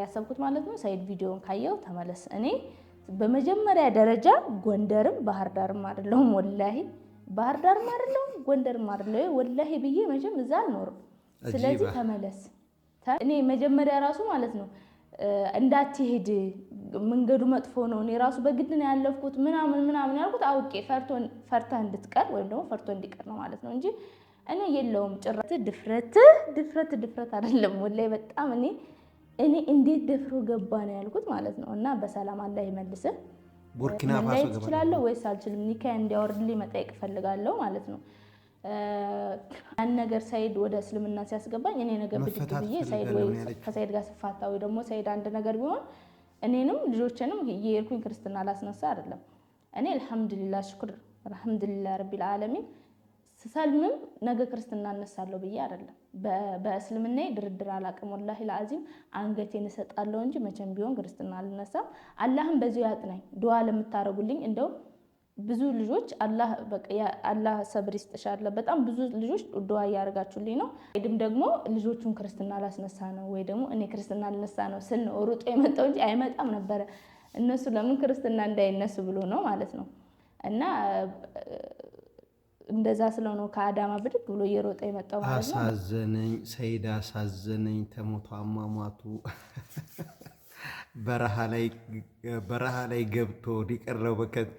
ያሰብኩት ማለት ነው። ሳይድ ቪዲዮን ካየው ተመለስ። እኔ በመጀመሪያ ደረጃ ጎንደርም ባህር ዳርም አይደለሁም፣ ወላሂ ባህር ዳርም አይደለሁም፣ ጎንደርም አይደለሁም ወላሂ ብዬ መቼም እዛ አልኖርም። ስለዚህ ተመለስ። እኔ መጀመሪያ ራሱ ማለት ነው እንዳትሄድ መንገዱ መጥፎ ነው፣ እኔ ራሱ በግድ ነው ያለፍኩት ምናምን ምናምን ያልኩት አውቄ ፈርተህ እንድትቀር ወይም ደግሞ ፈርቶ እንዲቀር ነው ማለት ነው እንጂ እኔ የለውም ጭራት ድፍረት ድፍረት ድፍረት አይደለም ወላሂ በጣም እኔ እኔ እንዴት ደፍሮ ገባ ነው ያልኩት ማለት ነው። እና በሰላም አላህ ይመልስህ። ቡርኪና ፋሶ እችላለሁ ወይስ አልችልም? ኒካ እንዲያወርድልኝ መጠየቅ እፈልጋለሁ ማለት ነው። ያን ነገር ሳይድ ወደ እስልምና ሲያስገባኝ እኔ ነገር ብድግ ብዬ ወይ ከሳይድ ጋር ስፋታ ወይ ደግሞ ሰይድ አንድ ነገር ቢሆን እኔንም ልጆችንም የሄድኩኝ ክርስትና ላስነሳ አይደለም። እኔ አልሐምዱሊላ ሽኩር አልሐምዱሊላ ረቢል ዓለሚን ስሰልምም ነገ ክርስትና እነሳለሁ ብዬ አይደለም። በእስልምና ድርድር አላቅም። ወላሂ ለአዚም አንገቴን እሰጣለሁ እንጂ መቼም ቢሆን ክርስትና አልነሳም። አላህም በዚሁ ያጥናኝ። ድዋ ለምታደርጉልኝ እንደው ብዙ ልጆች አላህ ሰብር ይስጥሻለ። በጣም ብዙ ልጆች ድዋ እያደረጋችሁልኝ ነው። ድም ደግሞ ልጆቹን ክርስትና ላስነሳ ነው ወይ ደግሞ እኔ ክርስትና ልነሳ ነው ስል ነው ሩጦ የመጣው እንጂ አይመጣም ነበረ። እነሱ ለምን ክርስትና እንዳይነሱ ብሎ ነው ማለት ነው እና እንደዛ ስለሆነ ከአዳማ ብድግ ብሎ እየሮጠ የመጣው ማለት ነው። አሳዘነኝ ሰይድ አሳዘነኝ። ተሞቶ አሟሟቱ በረሃ ላይ ገብቶ ሊቀረው በከንቱ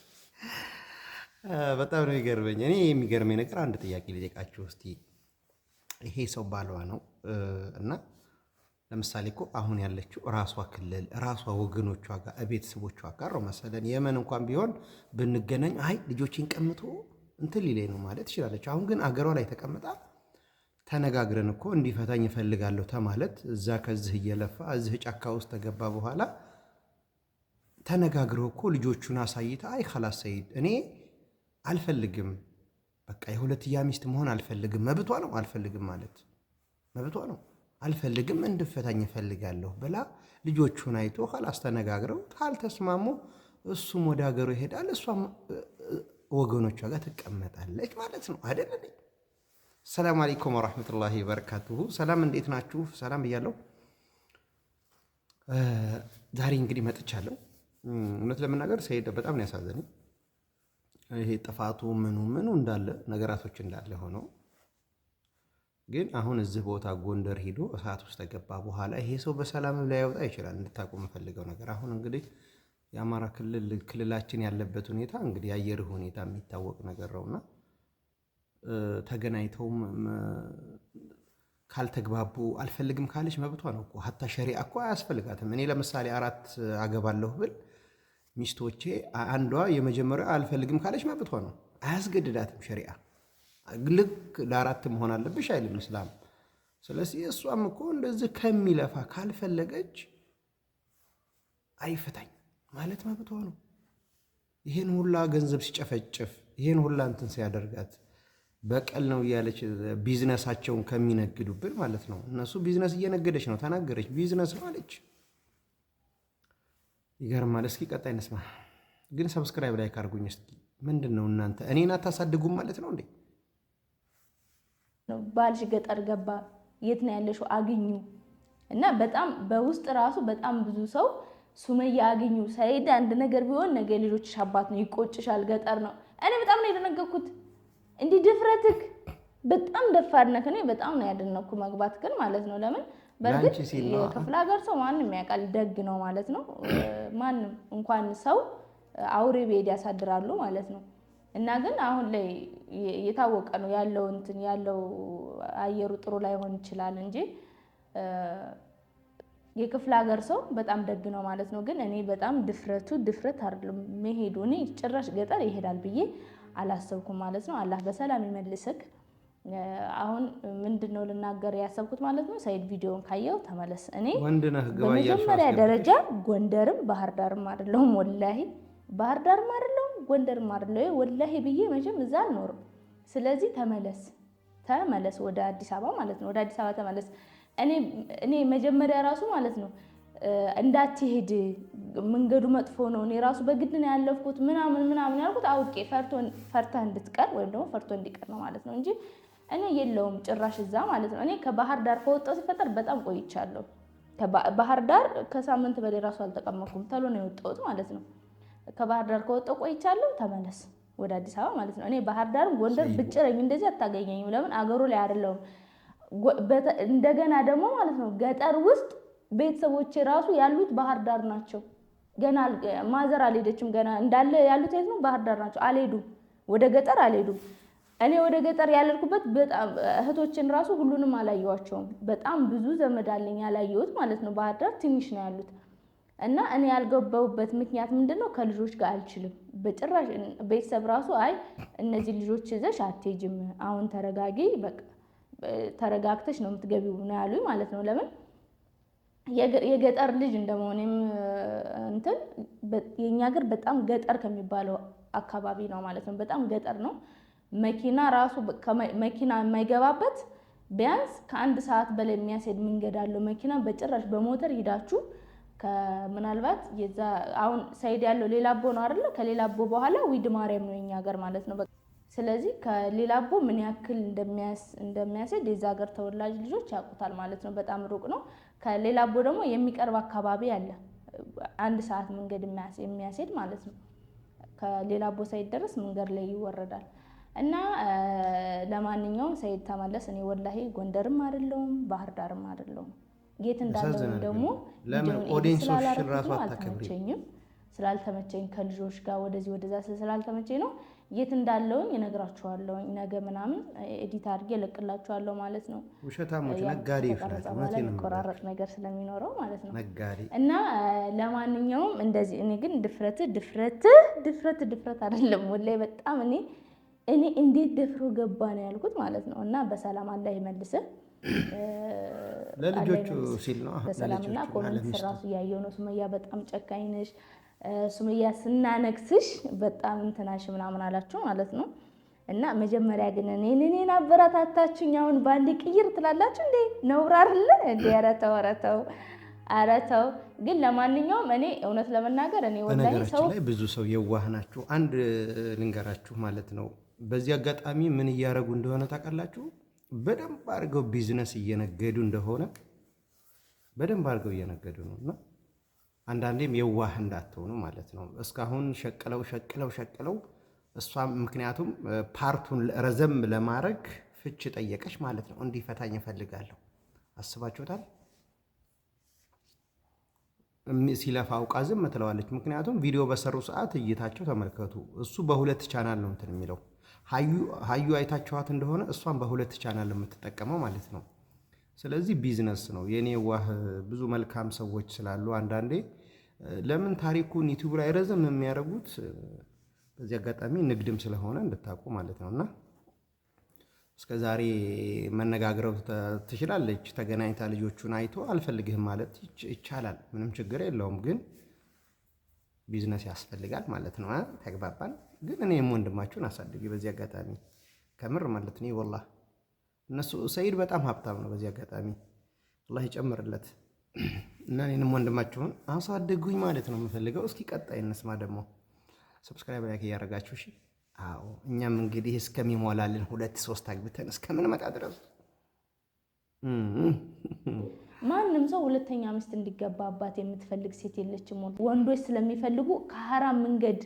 በጣም ነው የሚገርመኝ። እኔ የሚገርመኝ ነገር አንድ ጥያቄ ልጠይቃችሁ እስቲ። ይሄ ሰው ባሏ ነው እና ለምሳሌ እኮ አሁን ያለችው ራሷ ክልል ራሷ ወገኖቿ ጋር ቤተሰቦቿ ጋር ነው መሰለን። የመን እንኳን ቢሆን ብንገናኝ አይ ልጆችን ቀምቶ እንትን ሊለኝ ነው ማለት ትችላለች። አሁን ግን አገሯ ላይ ተቀምጣ ተነጋግረን እኮ እንዲፈታኝ እፈልጋለሁ ተማለት እዛ ከዚህ እየለፋ እዚህ ጫካ ውስጥ ተገባ በኋላ ተነጋግረው እኮ ልጆቹን አሳይታ አይ ኸላስ ሰይድ እኔ አልፈልግም፣ በቃ የሁለትያ ሚስት መሆን አልፈልግም። መብቷ ነው አልፈልግም ማለት መብቷ ነው። አልፈልግም እንድፈታኝ እፈልጋለሁ ብላ ልጆቹን አይቶ ኋላስ ተነጋግረው ካልተስማሙ እሱም ወደ ሀገሩ ይሄዳል፣ እሷም ወገኖቿ ጋር ትቀመጣለች ማለት ነው አደለ? ሰላም አለይኩም ወራህመቱላሂ ወበረካቱሁ። ሰላም እንዴት ናችሁ? ሰላም ብያለሁ። ዛሬ እንግዲህ መጥቻለሁ። እውነት ለመናገር ሰይድ በጣም ነው ያሳዘነኝ። ይሄ ጥፋቱ ምኑ ምኑ እንዳለ ነገራቶች እንዳለ ሆነው ግን አሁን እዚህ ቦታ ጎንደር ሂዶ እሳት ውስጥ ከገባ በኋላ ይሄ ሰው በሰላምም ላይወጣ ይችላል። እንድታቁ የምፈልገው ነገር አሁን እንግዲህ የአማራ ክልል ክልላችን ያለበት ሁኔታ እንግዲህ የአየር ሁኔታ የሚታወቅ ነገር ነውና ተገናኝተውም ካልተግባቡ አልፈልግም ካለች መብቷ ነው እኮ ሀታ ሸሪ እኮ አያስፈልጋትም። እኔ ለምሳሌ አራት አገባለሁ ብል ሚስቶቼ አንዷ የመጀመሪያ አልፈልግም ካለች መብቷ ነው፣ አያስገድዳትም ሸሪአ ልክ ለአራት መሆን አለብሽ አይልም እስላም። ስለዚህ እሷም እኮ እንደዚህ ከሚለፋ ካልፈለገች አይፈታኝ ማለት መብቷ ነው። ይህን ሁላ ገንዘብ ሲጨፈጭፍ፣ ይህን ሁላ እንትን ሲያደርጋት በቀል ነው እያለች ቢዝነሳቸውን ከሚነግዱብን ማለት ነው። እነሱ ቢዝነስ እየነገደች ነው። ተናገረች፣ ቢዝነስ ነው አለች። ይገርማል። እስኪ ቀጣይ እንስማ። ግን ሰብስክራይብ ላይ ካርጉኝ። እስኪ ምንድን ነው እናንተ እኔን አታሳድጉም ማለት ነው እንዴ? ነው። ባልሽ ገጠር ገባ፣ የት ነው ያለሽው? አግኙ እና በጣም በውስጥ ራሱ በጣም ብዙ ሰው ሱመያ አግኙ፣ ሰይድ አንድ ነገር ቢሆን ነገ ልጆችሽ አባት ነው፣ ይቆጭሻል፣ ገጠር ነው። እኔ በጣም ነው የደነገኩት። እንዲህ ድፍረትክ በጣም ደፋር ነህ። እኔ በጣም ነው ያደነኩ መግባት ግን ማለት ነው። ለምን በእርግጥ የክፍለ ሀገር ሰው ማንም ያውቃል፣ ደግ ነው ማለት ነው። ማንም እንኳን ሰው አውሬ ቤሄድ ያሳድራሉ ማለት ነው። እና ግን አሁን ላይ የታወቀ ነው ያለው እንትን ያለው አየሩ ጥሩ ላይሆን ይችላል እንጂ የክፍለ ሀገር ሰው በጣም ደግ ነው ማለት ነው። ግን እኔ በጣም ድፍረቱ ድፍረት አይደለም መሄዱ። እኔ ጭራሽ ገጠር ይሄዳል ብዬ አላሰብኩም ማለት ነው። አላህ በሰላም ይመልስክ። አሁን ምንድን ነው ልናገር ያሰብኩት ማለት ነው። ሳይድ ቪዲዮን ካየው ተመለስ። እኔ በመጀመሪያ ደረጃ ጎንደርም ባህር ዳርም አይደለሁም፣ ወላሂ ባህር ዳርም አይደለሁም ጎንደር አይደለ ወላሂ ብዬ መቼም እዛ አልኖርም። ስለዚህ ተመለስ ተመለስ ወደ አዲስ አበባ ማለት ነው። ወደ አዲስ አበባ ተመለስ። እኔ መጀመሪያ ራሱ ማለት ነው እንዳትሄድ መንገዱ መጥፎ ነው፣ እኔ ራሱ በግድ ነው ያለፍኩት ምናምን ምናምን ያልኩት አውቄ ፈርተህ እንድትቀር ወይም ደግሞ ፈርቶ እንዲቀር ነው ማለት ነው እንጂ እኔ የለውም ጭራሽ እዛ ማለት ነው። እኔ ከባህር ዳር ከወጣሁ ሲፈጠር በጣም ቆይቻለሁ። ባህር ዳር ከሳምንት በላይ ራሱ አልተቀመኩም። ተሎ ነው የወጣሁት ማለት ነው። ከባህር ዳር ከወጣሁ ቆይቻለሁ። ተመለስ ወደ አዲስ አበባ ማለት ነው። እኔ ባህር ዳርም ጎንደር ብጭረኝ እንደዚህ አታገኘኝም። ለምን አገሩ ላይ አይደለሁም። እንደገና ደግሞ ማለት ነው ገጠር ውስጥ ቤተሰቦቼ ራሱ ያሉት ባህር ዳር ናቸው። ገና ማዘር አልሄደችም። ገና እንዳለ ያሉት የት ነው? ባህር ዳር ናቸው። አልሄዱም፣ ወደ ገጠር አልሄዱም። እኔ ወደ ገጠር ያለልኩበት በጣም እህቶችን ራሱ ሁሉንም አላየዋቸውም። በጣም ብዙ ዘመድ አለኝ ያላየሁት ማለት ነው። ባህር ዳር ትንሽ ነው ያሉት። እና እኔ ያልገባውበት ምክንያት ምንድን ነው? ከልጆች ጋር አልችልም በጭራሽ። ቤተሰብ ራሱ አይ እነዚህ ልጆች ይዘሽ አትሄጂም፣ አሁን ተረጋጊ፣ ተረጋግተሽ ነው የምትገቢው ነው ያሉኝ ማለት ነው። ለምን የገጠር ልጅ እንደመሆኔም እንትን የእኛ ሀገር በጣም ገጠር ከሚባለው አካባቢ ነው ማለት ነው። በጣም ገጠር ነው። መኪና ራሱ መኪና የማይገባበት ቢያንስ ከአንድ ሰዓት በላይ የሚያስሄድ መንገድ አለው። መኪና በጭራሽ በሞተር ሂዳችሁ ምናልባት የዛ አሁን ሳይድ ያለው ሌላ አቦ ነው አይደለ? ከሌላ አቦ በኋላ ዊድ ማርያም ነው የኛ ሀገር ማለት ነው። ስለዚህ ከሌላ አቦ ምን ያክል እንደሚያስድ የዛ ሀገር ተወላጅ ልጆች ያውቁታል ማለት ነው። በጣም ሩቅ ነው። ከሌላ አቦ ደግሞ የሚቀርብ አካባቢ አለ፣ አንድ ሰዓት መንገድ የሚያስሄድ ማለት ነው። ከሌላ አቦ ሳይደረስ መንገድ ላይ ይወረዳል። እና ለማንኛውም ሳይድ ተመለስ። እኔ ወላሂ ጎንደርም አይደለሁም ባህር ዳርም አይደለሁም። ጌት እንዳለው ደግሞ ለምን ራሱ ስላላረኩትም ስላልተመቸኝ ከልጆች ጋር ወደዚህ ወደዛ ስላልተመቸኝ ነው። የት እንዳለውኝ እነግራችኋለሁኝ ነገ ምናምን ኤዲት አድርጌ እለቅላችኋለሁ ማለት ነው። ውሸታሞች ነጋዴ ናቸው። ነገር ስለሚኖረው ማለት ነው ነጋዴ እና ለማንኛውም እንደዚህ እኔ ግን ድፍረት ድፍረት ድፍረት ድፍረት አይደለም ወላሂ በጣም እኔ እኔ እንዴት ደፍሮ ገባ ነው ያልኩት ማለት ነው። እና በሰላም አላህ ይመልስህ። ለልጆቹ ሲል ነው። በሰላምና ኮመንት ራሱ እያየው ነው። ሱመያ በጣም ጨካኝ ነሽ፣ ሱመያ ስናነግስሽ በጣም እንትናሽ ምናምን አላችሁ ማለት ነው። እና መጀመሪያ ግን እኔን እኔን አበረታታችሁኝ። አሁን በአንድ ቅይር ትላላችሁ እንዴ? ነውር አይደለ እንዴ? ኧረ ተው፣ ኧረ ተው፣ ኧረ ተው። ግን ለማንኛውም እኔ እውነት ለመናገር እኔ በነገራችን ላይ ብዙ ሰው የዋህ ናችሁ። አንድ ልንገራችሁ ማለት ነው። በዚህ አጋጣሚ ምን እያደረጉ እንደሆነ ታውቃላችሁ በደንብ አድርገው ቢዝነስ እየነገዱ እንደሆነ በደንብ አድርገው እየነገዱ ነው። እና አንዳንዴም የዋህ እንዳትሆኑ ማለት ነው። እስካሁን ሸቅለው ሸቅለው ሸቅለው እሷ ምክንያቱም ፓርቱን ረዘም ለማድረግ ፍች ጠየቀች ማለት ነው። እንዲፈታኝ እፈልጋለሁ። አስባችሁታል? ሲለፋ አውቃ ዝም ትለዋለች። ምክንያቱም ቪዲዮ በሰሩ ሰዓት እይታቸው ተመልከቱ። እሱ በሁለት ቻናል ነው እንትን የሚለው ሀዩ አይታችኋት እንደሆነ እሷን በሁለት ቻናል የምትጠቀመው ማለት ነው። ስለዚህ ቢዝነስ ነው። የኔ ዋህ ብዙ መልካም ሰዎች ስላሉ አንዳንዴ ለምን ታሪኩን ዩቲዩብ ላይ ረዘም የሚያደርጉት በዚህ አጋጣሚ ንግድም ስለሆነ እንድታውቁ ማለት ነው። እና እስከ ዛሬ መነጋግረው ትችላለች፣ ተገናኝታ ልጆቹን አይቶ አልፈልግህም ማለት ይቻላል። ምንም ችግር የለውም። ግን ቢዝነስ ያስፈልጋል ማለት ነው። ተግባባን። ግን እኔም ወንድማችሁን አሳድግ። በዚህ አጋጣሚ ከምር ማለት ነው ወላ እነሱ ሰይድ በጣም ሀብታም ነው። በዚህ አጋጣሚ አላህ ይጨምርለት እና እኔንም ወንድማችሁን አሳድጉኝ ማለት ነው የምፈልገው። እስኪ ቀጣይ እንስማ ደግሞ ሰብስክራይብ ላይክ እያደረጋችሁ እሺ። አዎ እኛም እንግዲህ እስከሚሞላልን ሁለት ሶስት አግብተን እስከምንመጣ ድረስ ማንም ሰው ሁለተኛ ሚስት እንዲገባ አባት የምትፈልግ ሴት የለችም። ወንዶች ስለሚፈልጉ ከሀራም መንገድ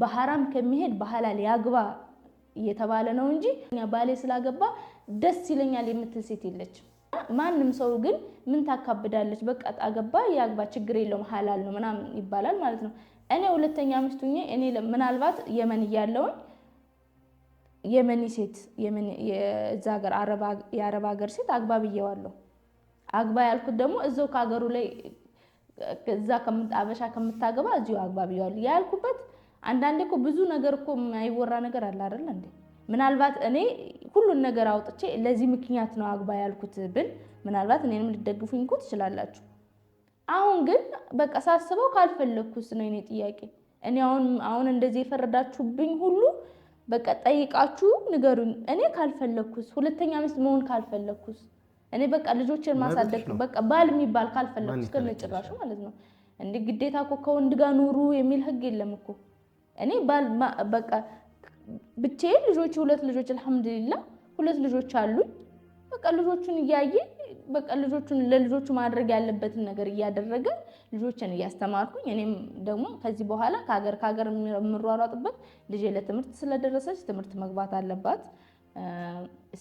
በሀራም ከሚሄድ በሀላል ያግባ እየተባለ ነው እንጂ ባሌ ስላገባ ደስ ይለኛል የምትል ሴት የለች። ማንም ሰው ግን ምን ታካብዳለች፣ በቃ ጣገባ ያግባ ችግር የለውም ሀላል ነው ምናምን ይባላል ማለት ነው። እኔ ሁለተኛ ሚስቱ እኔ ምናልባት የመን እያለውን የመኒ ሴት እዛ ሀገር የአረብ ሀገር ሴት አግባ ብዬዋለሁ። አግባ ያልኩት ደግሞ እዛው ከሀገሩ ላይ እዛ ከምጣበሻ ከምታገባ እዚሁ አግባ ብዬዋለሁ ያልኩበት አንዳንዴ እኮ ብዙ ነገር እኮ የማይወራ ነገር አለ አይደል እንዴ? ምናልባት እኔ ሁሉን ነገር አውጥቼ ለዚህ ምክንያት ነው አግባ ያልኩት ብል ምናልባት እኔንም ልደግፉኝ እኮ ትችላላችሁ። አሁን ግን በቃ ሳስበው ካልፈለግኩስ ነው የኔ ጥያቄ። እኔ አሁን አሁን እንደዚህ የፈረዳችሁብኝ ሁሉ በቃ ጠይቃችሁ ንገሩኝ። እኔ ካልፈለግኩስ፣ ሁለተኛ ሚስት መሆን ካልፈለግኩስ፣ እኔ በቃ ልጆችን ማሳደግ በቃ ባል የሚባል ካልፈለግኩስ ከነጭራሹ ማለት ነው እንዲህ ግዴታ እኮ ከወንድ ጋር ኑሩ የሚል ህግ የለም እኮ እኔ በቃ ብቻዬን ልጆች ሁለት ልጆች አልሐምዱሊላ ሁለት ልጆች አሉኝ። በቃ ልጆቹን እያየ በቃ ልጆቹን ለልጆቹ ማድረግ ያለበትን ነገር እያደረገ ልጆችን እያስተማርኩኝ እኔም ደግሞ ከዚህ በኋላ ከሀገር ከሀገር የምሯሯጥበት ልጄ ለትምህርት ስለደረሰች ትምህርት መግባት አለባት።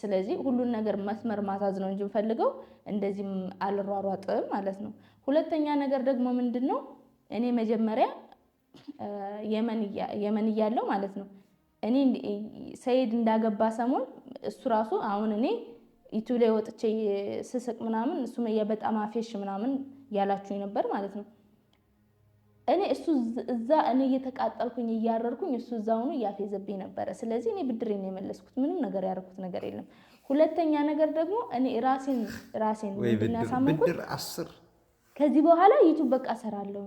ስለዚህ ሁሉን ነገር መስመር ማሳዝ ነው እንጂ የምፈልገው እንደዚህም አልሯሯጥም ማለት ነው። ሁለተኛ ነገር ደግሞ ምንድን ነው እኔ መጀመሪያ የመን እያለው ማለት ነው። እኔ ሰይድ እንዳገባ ሰሞን እሱ ራሱ አሁን እኔ ዩቱብ ላይ ወጥቼ ስስቅ ምናምን ሱመያ በጣም አፌሽ ምናምን ያላችሁኝ ነበር ማለት ነው። እኔ እሱ እዛ እኔ እየተቃጠልኩኝ እያረርኩኝ እሱ እዛ ሆኖ እያፌዘብኝ ነበረ። ስለዚህ እኔ ብድሬን የመለስኩት ምንም ነገር ያደረኩት ነገር የለም። ሁለተኛ ነገር ደግሞ እኔ ራሴን ራሴን ብድር ከዚህ በኋላ ዩቱብ በቃ እሰራለሁ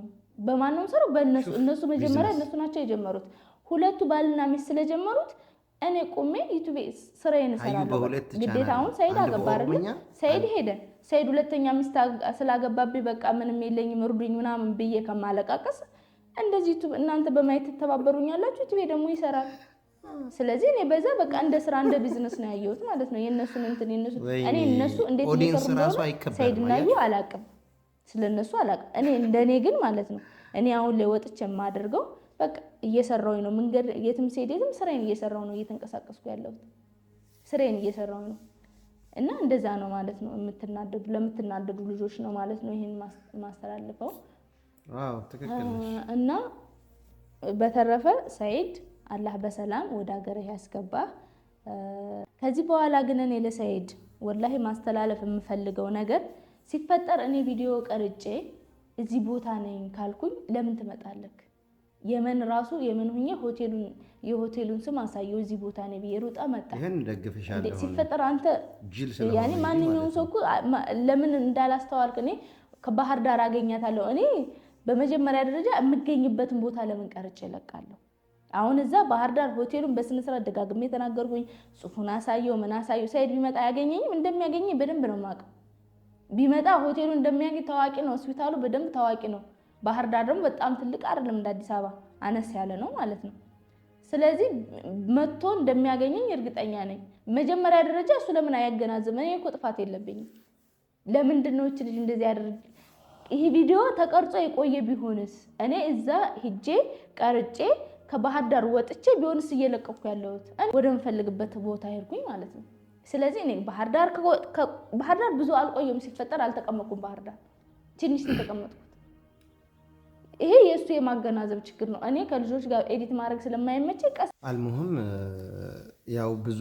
በማንም ሰሩ በእነሱ እነሱ መጀመሪያ እነሱ ናቸው የጀመሩት። ሁለቱ ባልና ሚስት ስለጀመሩት እኔ ቁሜ ዩቱቤ ስራዬን እሰራለሁ። ግዴታ አሁን ሰይድ አገባ ሰይድ ሄደ። ሰይድ ሁለተኛ ሚስት ስላገባብኝ በቃ ምንም የለኝም እርዱኝ ምናምን ብዬ ከማለቃቀስ እንደዚህ ዩቱብ እናንተ በማየት ትተባበሩኛላችሁ፣ ዩቱቤ ደግሞ ይሰራል። ስለዚህ እኔ በዛ በቃ እንደ ስራ እንደ ቢዝነስ ነው ያየሁት ማለት ነው። የእነሱን እንትን የእነሱ እኔ እነሱ እንዴት ሰይድ ዩ አላውቅም ስለነሱ አላውቅም። እኔ እንደኔ ግን ማለት ነው እኔ አሁን ላይ ወጥቼ የማደርገው በቃ እየሰራሁኝ ነው። መንገድ የትም ስሄድ የትም ስራዬን እየሰራሁ ነው፣ እየተንቀሳቀስኩ ያለሁት ስራዬን እየሰራሁ ነው። እና እንደዛ ነው ማለት ነው። የምትናደዱ ለምትናደዱ ልጆች ነው ማለት ነው ይህን ማስተላልፈው። እና በተረፈ ሰይድ አላህ በሰላም ወደ ሀገርህ ያስገባ። ከዚህ በኋላ ግን እኔ ለሰይድ ወላሂ ማስተላለፍ የምፈልገው ነገር ሲፈጠር እኔ ቪዲዮ ቀርጬ እዚህ ቦታ ነኝ ካልኩኝ ለምን ትመጣለክ? የመን ራሱ የመን ሁኜ ሆቴሉን የሆቴሉን ስም አሳየው እዚህ ቦታ ነው ብዬ ሩጣ መጣ። ሲፈጠር አንተ ያኔ ማንኛውም ሰው እኮ ለምን እንዳላስተዋልክ እኔ ከባህር ዳር አገኛታለሁ። እኔ በመጀመሪያ ደረጃ የምገኝበትን ቦታ ለምን ቀርጬ እለቃለሁ? አሁን እዛ ባህር ዳር ሆቴሉን በስነ ደጋግሜ የተናገርኩኝ ጽሁፉን አሳየው ምን አሳየው። ሳይድ ቢመጣ ያገኘኝም እንደሚያገኘኝ በደንብ ነው የማውቀው። ቢመጣ ሆቴሉ እንደሚያገኝ ታዋቂ ነው። ሆስፒታሉ በደንብ ታዋቂ ነው። ባህር ዳር ደግሞ በጣም ትልቅ አይደለም፣ እንደ አዲስ አበባ አነስ ያለ ነው ማለት ነው። ስለዚህ መጥቶ እንደሚያገኘኝ እርግጠኛ ነኝ። መጀመሪያ ደረጃ እሱ ለምን አያገናዘበ? እኔ እኮ ጥፋት የለብኝም። ለምንድን ነው እች ልጅ እንደዚህ ያደርግ? ይህ ቪዲዮ ተቀርጾ የቆየ ቢሆንስ እኔ እዛ ሂጄ ቀርጬ ከባህር ዳር ወጥቼ ቢሆንስ እየለቀኩ ያለሁት ወደምፈልግበት ቦታ ሄድኩኝ ማለት ነው። ስለዚህ እኔ ባህር ዳር ባህር ዳር ብዙ አልቆየም። ሲፈጠር አልተቀመጥኩም ባህር ዳር ትንሽ ተቀመጥኩት። ይሄ የእሱ የማገናዘብ ችግር ነው። እኔ ከልጆች ጋር ኤዲት ማድረግ ስለማይመች ቀስ አልሙህም። ያው ብዙ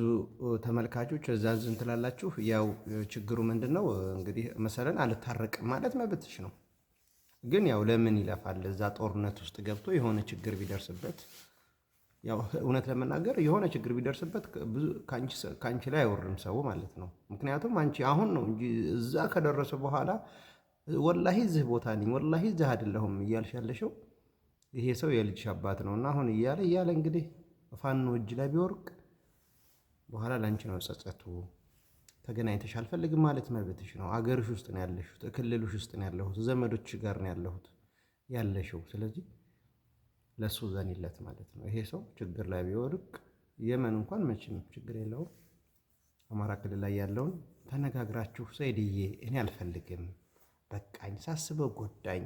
ተመልካቾች እዛ ዝም ትላላችሁ። ያው ችግሩ ምንድን ነው እንግዲህ መሰለን አልታረቅም ማለት መብትሽ ነው። ግን ያው ለምን ይለፋል? እዛ ጦርነት ውስጥ ገብቶ የሆነ ችግር ቢደርስበት ያው እውነት ለመናገር የሆነ ችግር ቢደርስበት ከአንቺ ላይ አይወርድም ሰው ማለት ነው። ምክንያቱም አንቺ አሁን ነው እንጂ እዛ ከደረሰ በኋላ ወላሂ እዚህ ቦታ ነኝ፣ ወላሂ እዚህ አይደለሁም እያልሽ ያለሽው ይሄ ሰው የልጅሽ አባት ነው እና አሁን እያለ እያለ እንግዲህ ፋኖ እጅ ላይ ቢወርቅ በኋላ ለአንቺ ነው ጸጸቱ። ተገናኝተሽ አልፈልግም ማለት መብትሽ ነው። አገርሽ ውስጥ ነው ያለሽው፣ ክልልሽ ውስጥ ነው ያለሁት፣ ዘመዶች ጋር ነው ያለሁት ያለሽው ስለዚህ ለሱ ዘኒለት ማለት ነው። ይሄ ሰው ችግር ላይ ቢወድቅ የመን እንኳን መቼም ችግር የለውም። አማራ ክልል ላይ ያለውን ተነጋግራችሁ ሰይድዬ እኔ አልፈልግም፣ በቃኝ፣ ሳስበው ጎዳኝ፣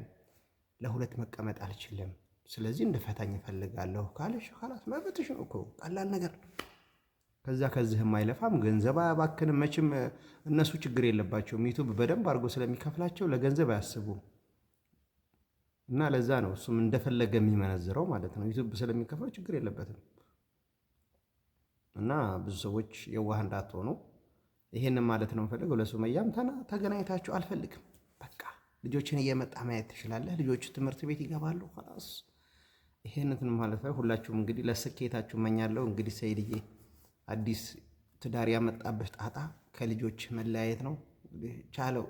ለሁለት መቀመጥ አልችልም፣ ስለዚህ እንደፈታኝ እፈልጋለሁ ካልሽ ካላት መብትሽ ነው እኮ ቀላል ነገር። ከዛ ከዚህም አይለፋም፣ ገንዘብ አያባክንም። መቼም እነሱ ችግር የለባቸውም። ዩቱብ በደንብ አድርጎ ስለሚከፍላቸው ለገንዘብ አያስቡም። እና ለዛ ነው እሱም እንደፈለገ የሚመነዝረው ማለት ነው። ዩቱብ ስለሚከፍለው ችግር የለበትም። እና ብዙ ሰዎች የዋህ እንዳትሆኑ ይሄንን ማለት ነው የምፈልገው። ለሱመያም ተገናኝታችሁ አልፈልግም፣ በቃ ልጆችን እየመጣ ማየት ትችላለህ፣ ልጆቹ ትምህርት ቤት ይገባሉ። ላስ ይሄንን ማለት ነው። ሁላችሁም እንግዲህ ለስኬታችሁ መኛለሁ። እንግዲህ ሰይድዬ አዲስ ትዳር ያመጣበት ጣጣ ከልጆች መለያየት ነው። ቻለው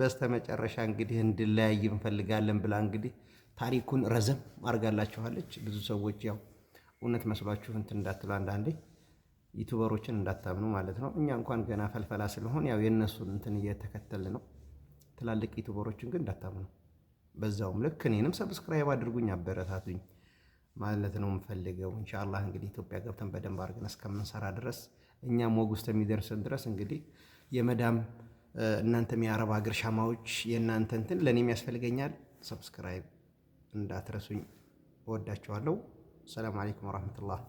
በስተመጨረሻ እንግዲህ እንድለያይ እንፈልጋለን ብላ እንግዲህ ታሪኩን ረዘም አድርጋላችኋለች። ብዙ ሰዎች ያው እውነት መስሏችሁ እንትን እንዳትሉ አንዳንዴ ዩቱበሮችን እንዳታምኑ ማለት ነው። እኛ እንኳን ገና ፈልፈላ ስለሆን ያው የእነሱን እንትን እየተከተል ነው። ትላልቅ ዩቱበሮችን ግን እንዳታምኑ። በዛውም ልክ እኔንም ሰብስክራይብ አድርጉኝ፣ አበረታቱኝ ማለት ነው የምፈልገው። እንሻላ እንግዲህ ኢትዮጵያ ገብተን በደንብ አድርገን እስከምንሰራ ድረስ እኛም ወግ ውስጥ የሚደርስን ድረስ እንግዲህ የመዳም እናንተም የአረብ ሀገር ሻማዎች የእናንተ እንትን ለእኔም ያስፈልገኛል። ሰብስክራይብ እንዳትረሱኝ። እወዳችኋለሁ። ሰላም አለይኩም ወራህመቱላህ